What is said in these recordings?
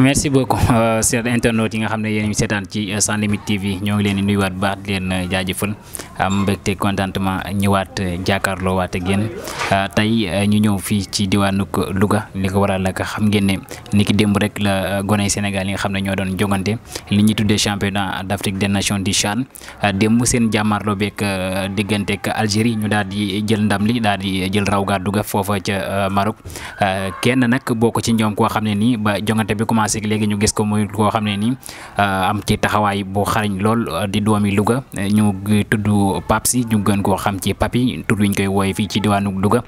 merci beaucoup euh, seen internautes yi nga xam ne yéen a ngi seetaan ci sans limite TV ñoo ngi leen di nuyuwaat bu baax di leen euh, jaajëfal am mbégte contentement ñëwaat jàkkaarloo waat ak yéen euh, tey euh, ñu ñëw fii ci diwaanu Louga li ko waral lakk xam ngeen ne ni ki démb rek la euh, gone Sénégal yi nga xam ne ñoo doon jongante li ñuy tuddee championnat d'Afrique des nations di CHAN démb seen jàmmaarloo beeg diggante ak Algérie ñu daal di jël ndam li daal di jël raw gàddu duga foofa ca Maroc kenn nag ko ci ñoom koo xam ne nii ba jongante bi commencé léegi ñu gis ko muy koo xam ne nii am ci taxawaay bu xarañ lool di doomi Louga ñu tudd bu papsi ñu gën koo xam ci papi tur wiñ koy wooye fii ci diwaanu Louga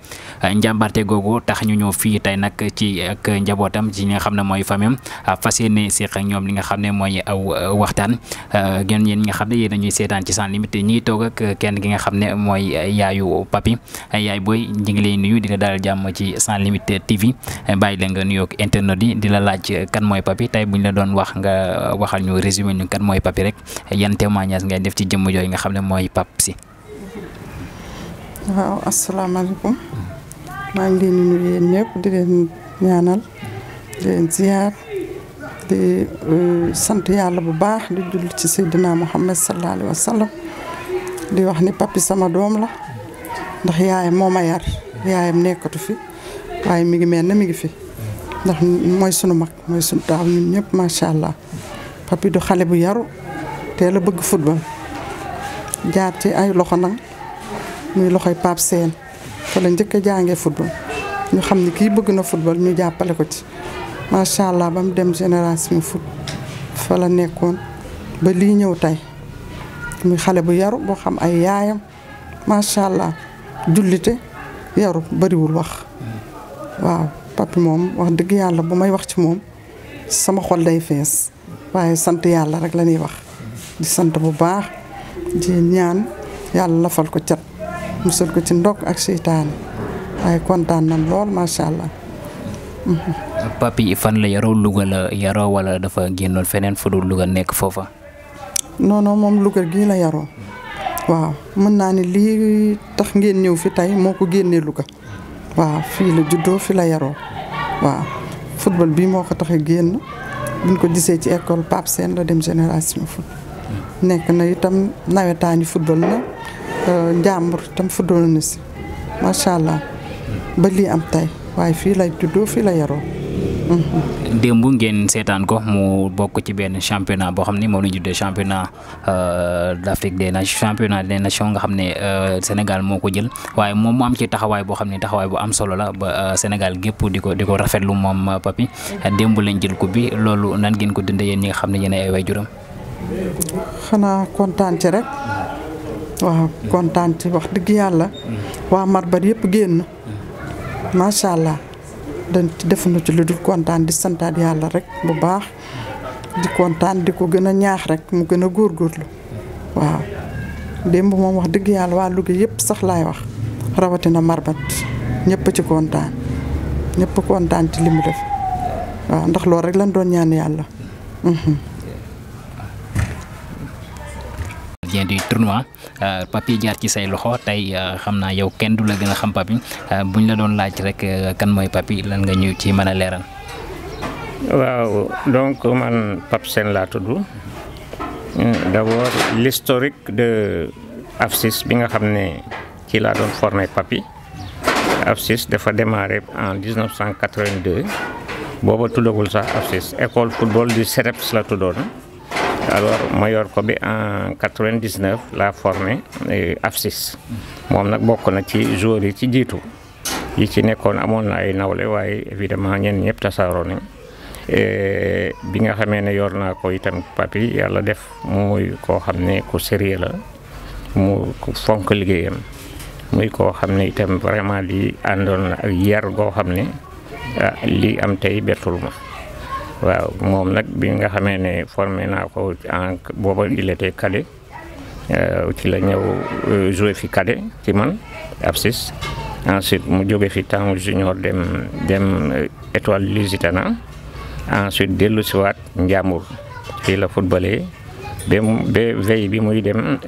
njàmbarte googu tax ñu ñëw fii tey nag ci ak njabootam ci nga xam ne mooy famem fas yéene seq ak ñoom li nga xam ne mooy aw waxtaan gën yéen ñi nga xam ne ci sans limite ñi toog ak ki nga xam ne mooy yaayu papi yaay booy ñu ngi lay di la dalal jàmm ci sans limite TV bàyyi la nga nuyoog internet yi di la laaj kan mooy papi tey buñ la doon wax nga waxal ñu résumé ñu kan mooy papi rek yan témoignage ngay def ci jëmm jooy nga xam ne mooy pap si. waaw asalaamaaleykum maa ngi leen di nuyu yéen di leen ñaanal di leen ziar di euh, sant yàlla bu baax di jull ci Seydina Muhammad sallallahu alayhi wa sallam di wax ni papi sama doom la ndax yaayam moo ma yar yaayam nekkatu fi waaye mi ngi mel ne mi ngi fi ndax mooy sunu mag mooy sunu taaw ñun ñëpp macha allah papi du xale bu yaru teel a bëgg football. jaar ci ay loxo nag muy loxo Pape Sène fa la njëkk a jàngee football ñu xam ne kii bëgg na football ñu jàppale ko ci macha allah ba dem génération foot fa la nekkoon ba lii ñëw tey muy xale bu yaru boo xam ay yaayam macha allah jullite yaru bariwul wax waaw papi moom wax dëgg yàlla bu may wax ci moom sama xol day fees waaye sant yàlla rek la ñuy wax di sant bu baax. di ñaan yàlla lafal ko cat musal ko ci ndokk ak seytaane waaye kontaan nañ lool macha allah. papi fan la yaroo luga la yaroo wala dafa génnoon feneen fu dul Louga nekk foofa. non non moom Louga gi la yaroo waaw mën naa ni lii tax ngeen ñëw fi tey moo ko génnee Louga waaw fii la juddoo fi la yaroo waaw football bii moo ko tax génn buñ ko gisee ci école Pape Sène la dem génération nekk na itam nawetaani football na njàmbur euh, itam football na si macha allah ba lii am tey waaye fii la juddoo fii la yaroo. démb ngeen seetaan ko mu bokk ci benn championnat boo xam ne moom la ñu juddee championnat euh, d' Afrique des nations championnat des nations nga xam ne euh, Sénégal moo ko jël waaye moom mu am ci taxawaay boo xam ne taxawaay bu am solo la ba Sénégal gépp di ko di ko rafetlu moom papi démb lañ jël ko bi loolu nan ngeen ko dundee yéen ñi nga xam ne yéen ay waajuram xanaa kontaan ci rek waaw kontaan ci wax dëgg yàlla waa Marbat yëpp génn macha allah dañ ci defuñu ci lu dul kontaan di santaat yàlla rek bu baax di kontaan di ko gën a ñaax rek mu gën a góorgóorlu waaw démb moom wax dëgg yàlla waa Louga yëpp sax laay wax rawatina Marbat ñëpp ci kontaan ñëpp kontaan ci li mu def waaw ndax loolu rek lañ doon ñaan yàlla mhm. gardien du tournoi euh, papi jaar ci say loxo tey euh, xam naa yow kenn du la gën a xam papi euh, buñ la doon laaj rek kan mooy papi lan nga ñëw ci mën a leeral. waaw donc man Pape Sène laa tudd hmm, d'abord l'historique de AFSIS bi nga xam ne ci laa doon formé papi AFSIS dafa démarré en 1982 booba tuddagul sax AFSIS école football du CEREPS la tuddoon. alors ma yor ko bi en 99 laa formé euh, AFSIS moom nag bokk na ci jour yi ci jiitu yi ci nekkoon amoon na ay nawle waaye évidemment ñenn ñëpp tasaaroo nañ euh, bi nga xamee ne yor naa ko itam papi yàlla def muy koo xam ne ku série la mu fonk liggéeyam muy koo xam ne itam vraiment di àndoon ak yar goo xam ne ah, lii am tey bettul ma waaw moom nag bi nga xamee ne formé naa ko en booba il était cadet euh, ci la ñëw euh, joué fi cadet ci man ab sis ensuite mu jóge fi temps junior dem dem euh, étoile Lusitana ensuite dellu siwaat Njàmbur fii la footballé ba ba bi muy dem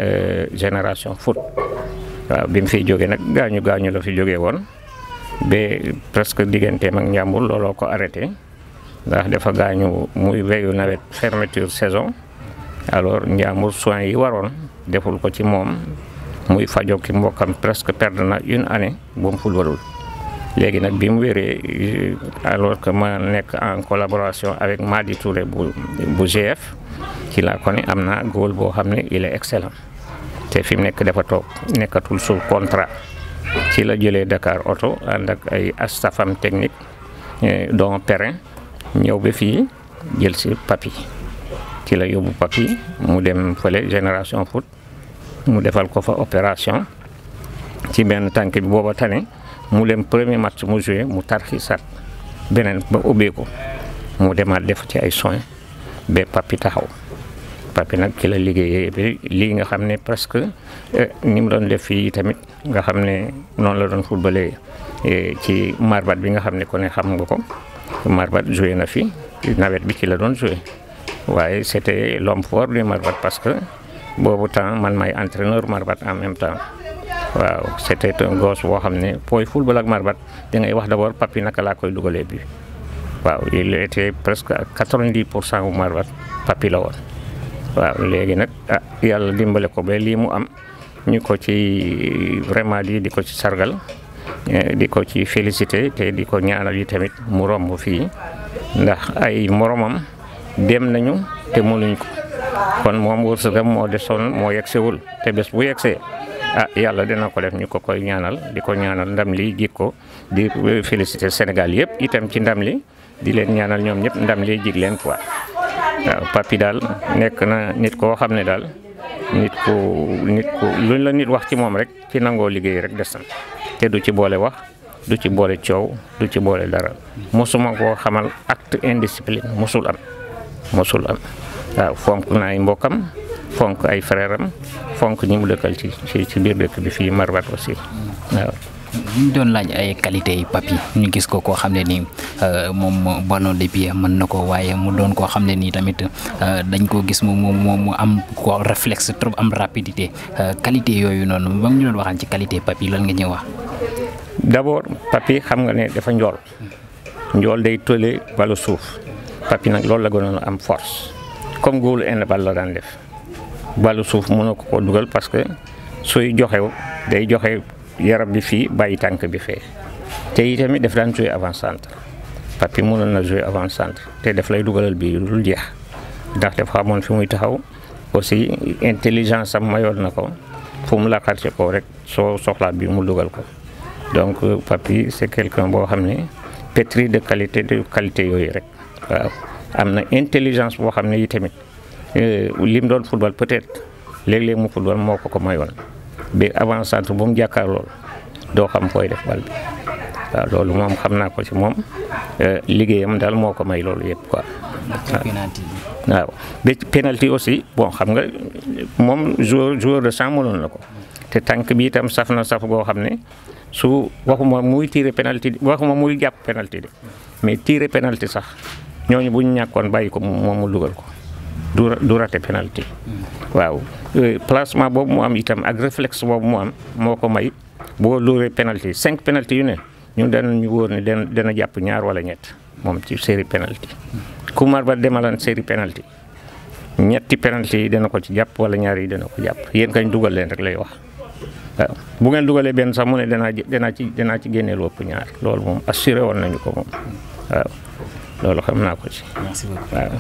génération foot waaw bi mu fiy jógee nag gaañu gaañu la fi joge woon ba presque digganteem ak Njàmbur looloo ko arrêté ndax defa gaañu muy weyu nawet fermeture saison alors njaamur soins yi waroon deful ko ci moom muy fajoo ki mbokkam presque perdre na une année bu mu fulbalul léegi nag bi mu wéree alors que ma nekk en collaboration avec Madi Touré bu bu GF ci laa ko ne am naa gool boo xam ne il est excellent te fi mu nekk dafa nekkatul sous contrat ci la jëlee Dakar oto ànd ak ay astafam technique eh, dont Perrin ñëw ba fii jël si papi ci la yóbbu papi mu dem fële génération foot mu defal ko fa opération ci benn tànk bi booba tane mu dem premier match mu joué mu tarxi sat beneen ba ubbeeku mu demaat def ci ay soins ba papi taxaw papi nag ci la liggéeyee ba lii nga xam ne presque eh, ni doon def fii tamit nga xam ne noonu la doon footballé eh, ci marbat bi nga xam ne ko ne xam nga ko Marbat joué na fi nawet bi ki la doon joué waaye c'était l'homme fort du Marbat parce que boobu temps man may entraîneur Marbat en même temps waaw c'était un boo xam ne fooy football ak Marbat da ngay wax d'abord papi naka laa koy dugalee bi waaw il était presque à 90 pour cent bu Marbat papi la woon waaw léegi nag ah yàlla dimbale ko ba lii mu am ñu ko ci vraiment di di ko ci sargal Eh, di ko ci félicité te di ko ñaanal yi tamit mu romb fii ndax ay moroomam dem nañu te mënuñ ko kon moom wërsëgam moo desoon moo yegsewul te bés bu yegsee a ah, yàlla dina ko def ñu ko koy ñaanal di ko ñaanal ndam li jig ko di eh, félicité Sénégal yëpp itam ci ndam li di leen ñaanal ñoom ñëpp ndam li jig leen quoi waaw papi daal nekk na nit koo xam ne daal nit ku nit ku luñ la nit wax ci moom rek ci nangoo liggéey rek des na te du ci boole wax du ci boole coow du ci boole dara mosuma koo xamal acte indiscipline mosul am mosul am waaw fonk na ay mbokkam fonk ay frère am fonk ñi mu dëkkal ci ci biir dëkk bi fii Marbat aussi doon laaj ay qualité yi ñu gis ko koo xam ne nii euh, moom ballon de pied mën na ko waaye mu doon koo xam ne nii tamit euh, dañ koo gis mu mu mu am ko réflexe trop am rapidité euh, qualité yooyu noonu ba mu ñu doon waxaan ci qualité papi lan nga ñuy wax. d'abord papi xam nga ne dafa njool njool day tole balu suuf papi nag loolu la gënoon am force comme góolu inde bal la daan def balu suuf mënoo ko ko dugal parce que suy joxew day joxe yaram bi fii bàyyi tànk bi fee te itamit daf daan jouer avant centre papi mënoon na jouer avant centre te daf lay dugalal bi dul jeex ndax dafa xamoon fi muy taxaw aussi intelligence am mayoon na ko fu mu laqar ci ko rek soo soxlaa bi mu dugal ko donc Papy c' est quelqu'un boo xam ne pétri de qualité de qualité yooyu rek waaw am na intelligence boo xam ne yi tamit euh, lim doon football peut-être léeg mu football moo ko ko mayoon bi avant centre bu mu jàkkaar loolu doo xam fooy def bal bi waaw loolu moom xam naa ko ci moom euh, liggéeyam daal moo ko may loolu yëpp quoi waaw ba ci aussi bon xam nga moom joueur joueur de sang mënoon na ko te tànk bi itam saf na saf goo xam ne su waxuma muy tiré penalti waxuma muy jàpp penalti de mais tiré penalti sax ñooñu bu ñu ñàkkoon bàyyi ko moom mu dugal ko du du raté penalti waaw euh, placement boobu moo am itam ak réflexe boobu mu am moo ko may boo lóoree penalti cinq penalti yu ne ñun danañu ñu ne dana dana jàpp ñaar wala ñett moom ci série penalti mar Ba demalan seeri penalti ñetti penalti yi dana ko ci jàpp wala ñaar yi dana ko jàpp yéen kañ dugal leen rek lay wax. waaw bu ngeen dugalee benn sax mu ne danaa ci danaa ci génneel wopp ñaar loolu moom assuré woon nañu ko moom xam naa ko ci. merci beaucoup waaw.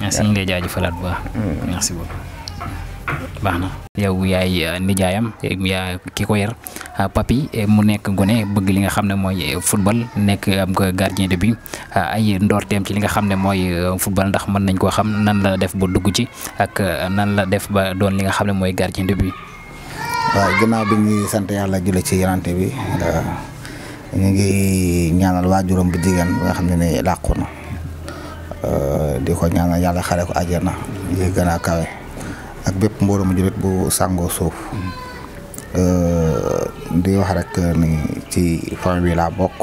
merci ñu ngi mm-hmm. baax. na. yow yaay euh, nijaayam eh, yaa ki ko yar euh, papi eh, mu nekk gone bëgg li nga xam ne mooy eh, football nekk am ko gardien de but euh, ay ndoorteem ci li nga xam ne mooy football ndax mën nañ koo xam nan la def ba dugg ci ak nan la def ba doon li nga xam ne mooy gardien de but. waaw ginnaaw bi ñuy sant yàlla julli ci yonante bi euh, ñu ngi ñaanal waajuram bu jigéen bi nga xam ne ni làqu na euh, di ko ñaanal yàlla xare ko àjjana yi gën a kawe ak bépp mbooloo mu bu sàngoo suuf euh, di wax rek ni ci famille bi laa bokk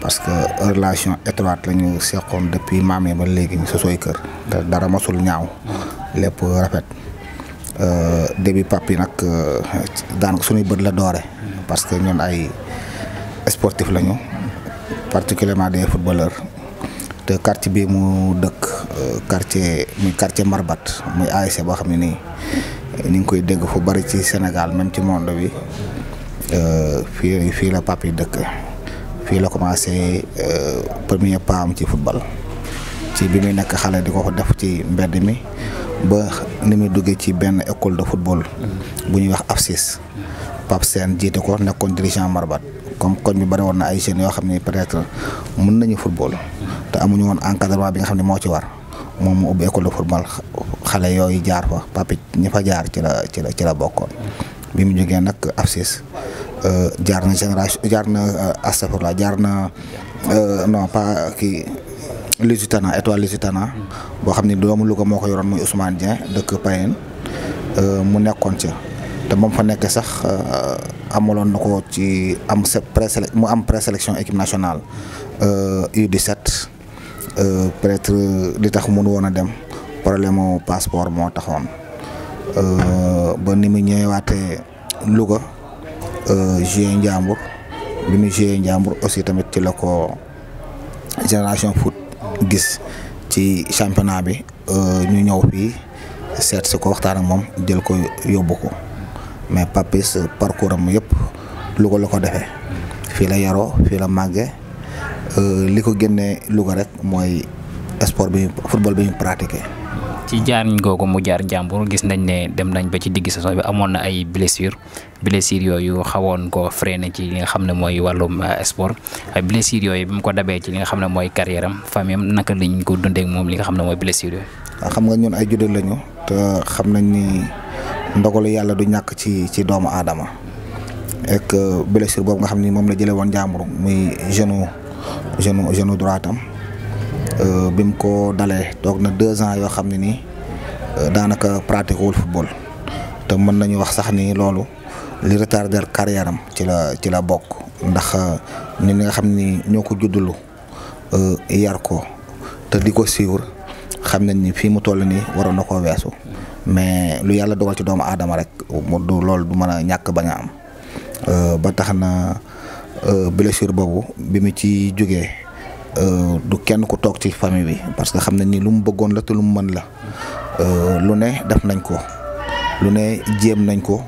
parce que relation étroite la ñu seqoon depuis maam ba léegi ñu sosooy kër te dara masul ñaaw lépp rafet Euh, début pape yi nag euh, daanaka suñuy bët la doore parce que ñun ay sportif lañu particulièrement des footballeurs te quartier bi mu dëkk euh, quartier muy quartier Marbat muy ASC boo xam ne nii ñu ngi koy dégg fu bari ci Sénégal même ci monde bi fii fii la pap yi dëkk fii la commencé premier pas am ci football ci bi muy nekk xale di ko def ci mbedd mi. ba ni muy duggee ci benn école de football. bu ñuy wax AFSIS. Pape Sène jiite ko nekkoon dirigeant Marbat comme koñ bi bari woon na ay jeunes yoo xam ne peut-être mën nañu football. te amuñu woon encadrement bi nga xam ne moo ci war moom mu ubbi école de football xale yooyu jaar fa papi ñi fa jaar ci la ci la ci la bokkoon. bi mu jógee nag AFSIS euh, jaar na génération jaar na euh, laa jaar na euh, non pas kii. Lusitana étoile Lusitana boo xam ne doomu Louga moo ko yoroon muy Ousmane Dieng dëkk Payen euh, mu nekkoon ca te moom fa nekkee sax euh, amaloon na ko ci am pré mu am présélection équipe nationale U17 euh, peut-être li tax mun woon a dem problème mu passeport moo taxoon ba ni mu ñëwaatee Louga joué Njàmbur bi mu joué Njàmbur aussi tamit ci la ko génération foot gis ci championnat bi euh, ñu ñëw fii seet su ko waxtaan ak moom jël ko yóbbu ko mais Papis parcours am yëpp Louga la ko defee fii la yaroo fii la màggee euh, li ko génnee Louga rek mooy sport bi football bi ñu pratiqué. ci jaariñ googu mu jaar jàmbur gis nañ ne dem nañ ba ci digg saison bi amoon na ay blessure blessure yooyu xawoon ko freiné ci li nga xam ne mooy wàllum euh, sport blessure yooyu bi mu ko dabee ci li nga xam ne mooy carrière am famille am naka lañ ko dundee moom li nga xam ne mooy blessure yooyu. Ah, xam nga ñun ay juddit lañu te xam nañ ni ndogalu yàlla du ñàkk ci ci doomu aadama ak blessure boobu nga xam ni moom la jëlee woon jàmbur muy genou genou genou droit am. Euh, bi mu ko dalee toog na deux ans yoo xam ne nii euh, daanaka pratique wul football te mën nañu wax sax ni loolu li retarder carrière am ci la ci la bokk ndax euh, ni nga xam ni ñoo ko juddulu yar ko te di ko suivre xam nañ ni fii mu toll nii waroon na ko weesu mais lu yàlla dogal ci doomu aadama rek mu du lool du mën a ñàkk bañ a am ba tax na blessure boobu bi mu ci jógee Euh, du kenn ku toog ci famille bi parce que xam na ni lu mu bëggoon la te lu mu mën la euh, lu ne def nañ ko lu ne jéem nañ ko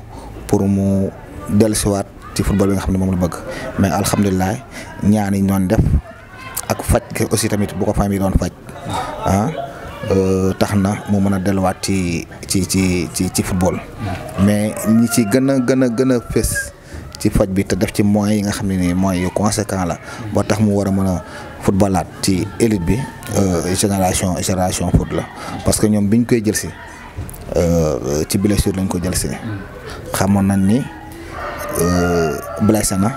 pour mu dellusiwaat ci football bi nga xam ne moom la bëgg mais alhamdulilah ñaan yi doon def ak faj aussi tamit boo ko famille doon faj ah euh, tax na mu mën a delluwaat ci ci ci ci ci football mais ñi ci gën a gën a gën a fés. ci faj bi te def ci moyens yi nga xam ne nii moyens yu conséquent la ba tax mu war a mën a footballaat ci élite bi euh, génération génération foot la parce que ñoom bi koy jël si euh, ci blessure lañ ko jël si xamoon nañ ni euh, blessé na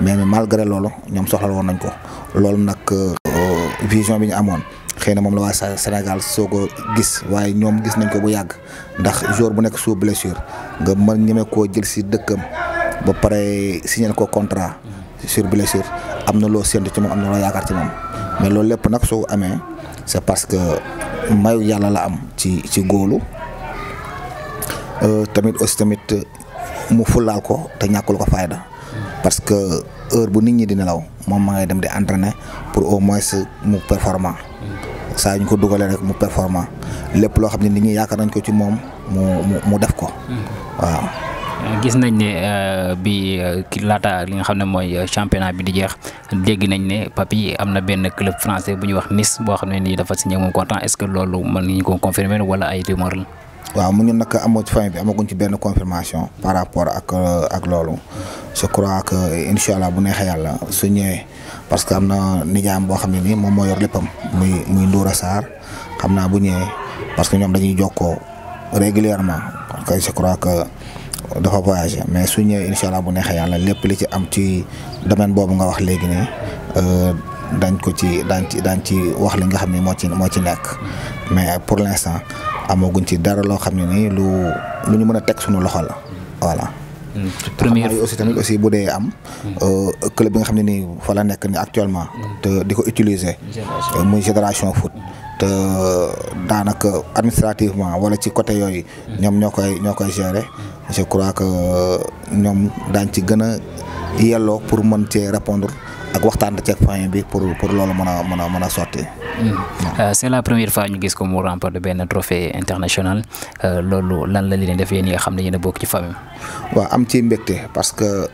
mais malgré loolu ñoom soxla woon nañ ko loolu nag vision bi ñu amoon xëy na moom la sa Sénégal soo ko gis waaye ñoom gis nañ ko bu yàgg ndax jour bu nekk sous blessure nga mën ñeme koo jël si dëkkam ba pare signé ko contrat sur blessure am na loo séntu ci moom am na loo yaakaar ci moom mais loolu lépp nag soo amee c'est parce que mayu yàlla la am ci ci góolu euh, tamit aussi tamit mu fullaal ko te ñàkkul ko fayda parce que heure bu nit ñi di nelaw moom ma ngay dem di entraîner pour au moins mu performant saa ñu ko dugalee rek mu performant lépp loo xam ne nit ñi yaakaar nañ ko ci moom mu mu def ko waaw gis nañ ne euh, bi euh, laata li nga xam ne mooy euh, championnat bi di jeex dégg nañ ne Papy am na benn club français bu ñuy wax Nice boo xam ne nii dafa signé moom contrat est-ce que loolu mën nañu ay rumeur la. waaw mu ñu nag amoo ci famille bi amaguñ benn confirmation par rapport ak ak loolu je crois que incha allah bu neexee yàlla su ñëwee parce que am na nijaam boo xam ne nii moom moo yor léppam muy muy Ndoura Sarr xam naa bu ñëwee parce que ñoom dañuy jokkoo régulièrement je crois que. dafa voyagé mais su ñëwee incha allah bu neexee yàlla lépp li ci am ci domaine boobu nga wax léegi nii euh, dañ ko ci daañ ci daañ ci wax li nga xam ni moo ci moo ci nekk mais pour l'instant amaguñ ci dara loo xam ne nii lu lu ñu mën a teg suñu loxo la voilà. Hmm, première yi aussi tamit aussi bu dee am. Hmm. Euh, club bi nga xam ne nii fa la nekk nii actuellement. Hmm. te di ko utiliser. Euh, muy génération foot. te daanaka administrativement wala ci côté yooyu. ñoom ñoo koy ñoo koy gérer. je crois que euh, ñoom daañ ci gën a yelloo pour mën cee répondre ak waxtaan ceeg fin bi pour pour loolu mën a mën a mën a sotti. Mm-hmm. Euh, c'est la première fois ñu gis ko mu remporte benn trophée international euh, loolu lan la leen def yéen ñi nga xam ne yéen bokk ci famille waa am ci mbégte parce que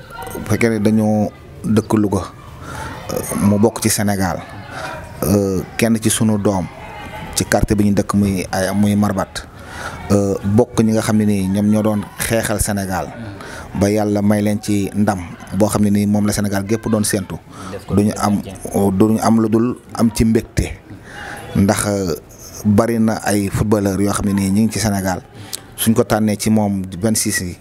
fekkee ne dañoo dëkk Louga mu bokk ci Sénégal kenn ci sunu doom. ci quartier bi ñu dëkk muy muy Marbat euh, bokk ñi nga xam ne nii ñoom ñoo doon xeexal Sénégal ba yàlla may leen ci ndam boo xam ne nii moom la Sénégal gépp doon séentu duñu am duñu am lu dul am ci mbégte ndax euh, bari na ay footballeur yoo xam ne nii ñu ngi ci Sénégal suñ ko tànnee ci moom 26 yi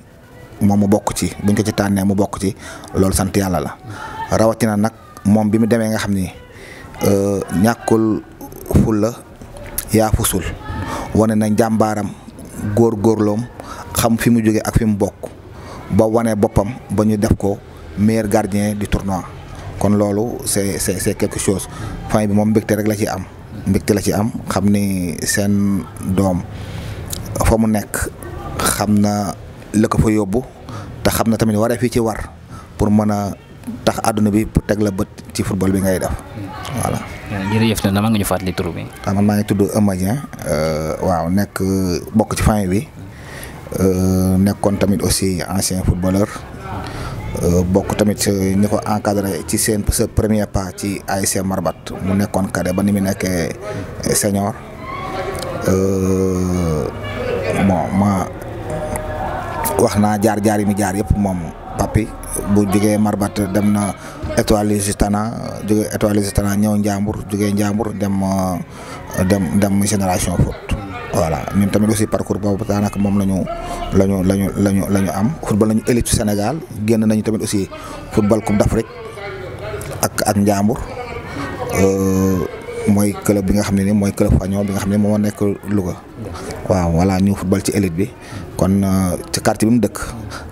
moom mu bokk ci buñ ko ci tànnee mu bokk ci loolu sant yàlla la rawatina nag moom bi mu demee nga xam ni euh, ñàkkul fulla yaa fusul wane na njàmbaaram góor góorloom xam fi mu jógee ak fi mu bokk ba wane boppam ba ñu def ko meilleur gardien du tournoi kon loolu c'est c'est c'est quelque chose famille bi moom mbégte rek la ci am mbégte la ci am xam ni seen doom fa mu nekk xam na la ko fa yóbbu te xam na tamit waree fii ci war pour mën a tax àdduna bi pour teg la bët ci football bi ngay def voilà jërëjëf na dama nga ñu fàttali tur bi. waaw ah, man maa ngi tudd Eumeu Dieng euh, waaw nekk bokk ci famille bi euh, nekkoon tamit aussi ancien footballeur euh, bokk tamit ñi ko encadré ci seen sa premier pas ci ASC Marbat mu nekkoon cadet ba ni mu nekkee senior bon wax naa jaar jaar mi jaar yëpp moom papi bu jógee Marbat dem na. étoile Lusitana jóge étoile Lusitana ñëw Njàmbur jóge Njàmbur euh, dem dem dem génération foot voilà ñun tamit aussi parcours boobu daanaka moom la ñu la ñu la ñu la ñu la ñu am football nañu Sénégal génn nañu tamit aussi football coupe d'Afrique ak ak Njàmbur euh, mooy club bi nga xam ne ni mooy club Fagnon bi nga xam ne moo nekk Louga waaw voilà ñu football ci élite bi kon euh, ci quartier bi mu dëkk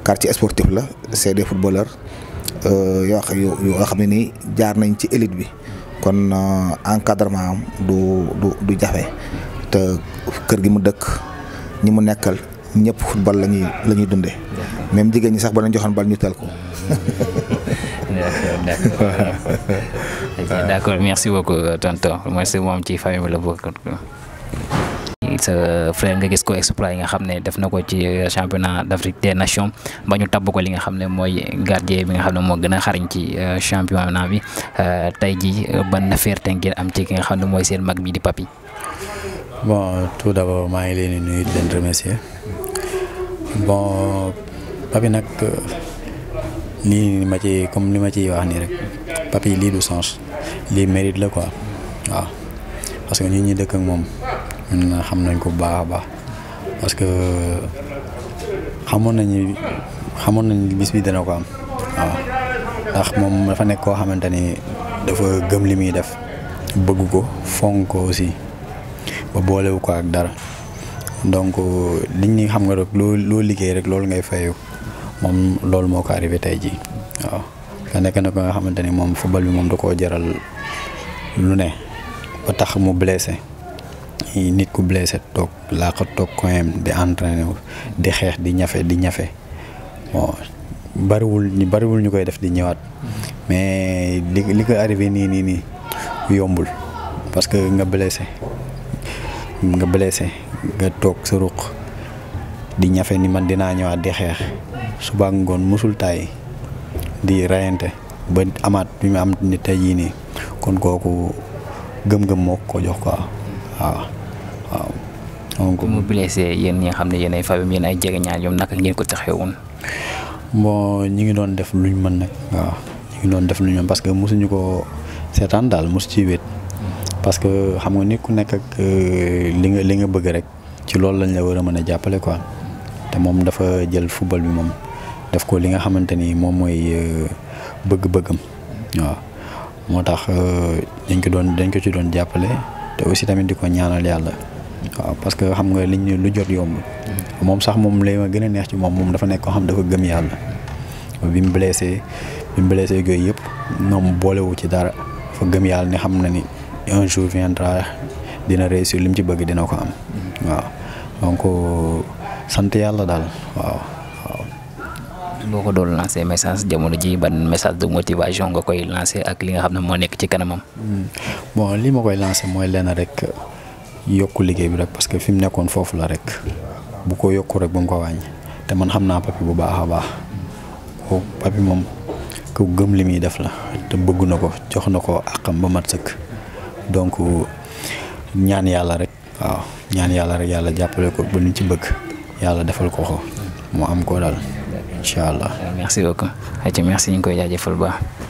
quartier sportif la c'est des footballeurs Euh, yoo xam yoo xam ne nii jaar nañ ci élite bi kon euh, encadrement am du du jafe te kër gi mu dëkk ñi mu nekkal ñépp football la ñuy la ñuy dundee même jigéen ñi sax ba nañ joxoon bal ñu tal ko. d'accord merci beaucoup euh, tonton mooy moom ci famille bi la bokk. sa frère nga gis ko exploit yi nga xam ne def na ko ci championnat d' Afrique nations ba ñu tabb ko li nga xam ne mooy gardien bi nga xam ne moo gën a xarañ ci euh, championnat bi euh, tey ji euh, ban fierté ngeen am ci ki nga xam ne mooy seen mag bi di Papy. bon tout d' abord maa ngi leen di nuyu di leen bon Papy nag lii ni comme li ma ciy wax nii rek Papy lii du sens lii mérite la quoi waaw parce que ñun ñi dëkk ak moom. ñun xam nañ ko bu baax a baax parce que xamoon nañu xamoon nañu bis bi dana ko am waaw ndax moom dafa nekk koo xamante ni dafa gëm li muy def bëgg ko fonk ko aussi ba boolewu ko ak dara donc liñ ni xam nga rek loo loo liggéey rek loolu ngay fayu moom loolu moo ko arrivé tey jii waaw te nekk na ko nga xamante ni moom football bi moom da koo jaral lu ne ba tax mu blessé. nit ku blessé toog laaxat toog koyam di entraîné di xeex di ñafe di ñafe bon bariwul ñu bariwul ñu koy def di ñëwaat mais li li ko arrivé nii nii nii yombul parce que nga blessé nga blessé nga toog sa ruq di ñafe ni man dinaa ñëwaat di xeex subaak ngoon musul tàyyi di reyante ba amaat bi mu am ni tey jii nii kon kooku gëm-gëm mook ko jox quoi waaw donc mu blessé yéen ñi xam ne yéen ay famille yéen ay jege ñaar ñoom naka ngeen ko taxewoon. bon ñu ngi doon def luñ mën nag waaw ñi ngi doon def luñ mën parce que mosuñu ko seetaan daal mosu ci wéet parce que xam nga ni ku nekk ak euh, li nga li nga bëgg rek ci loolu lañ la war a mën a jàppale quoi te moom dafa jël football bi moom def ko li nga xamante ni moom mooy euh, bëgg-bëggam waaw moo tax euh, dañ ko doon dañ ko ci doon jàppale te aussi tamit di ko ñaanal yàlla. waaw parce que xam nga li liñ lu jot yomb. moom sax moom lay ma gën a neex ci moom moom dafa nekk koo xam dafa gëm yàlla. bi mu blessé bi mu blessé yooyu yëpp moom boolewu ci dara dafa gëm yàlla ne xam na ni un jour viendra dina réussir li mu ci bëgg dina ko am. waaw donc euh, sant yàlla daal waaw. boo ko doon lancé message jamono ji ban message de motivation nga koy lancé ak li nga xam ne moo nekk ci kanamam. Hmm. bon li ma koy lancé mooy lenn rek. yokk liggéey bi rek parce que fi mu nekkoon foofu la rek bu ko yokku rek bu mu ko wàññi te man xam naa papi bu baax a baax ko papi moom ku gëm li muy def la te bëgg na ko jox na ko àqam ba mat sëkk donc ñaan yàlla rek waaw ñaan yàlla rek yàlla jàppale ko ba ñu ci bëgg yàlla defal ko ko mu am ko daal incha allah. merci beaucoup. ci merci ñu ngi koy jaajëfal baax.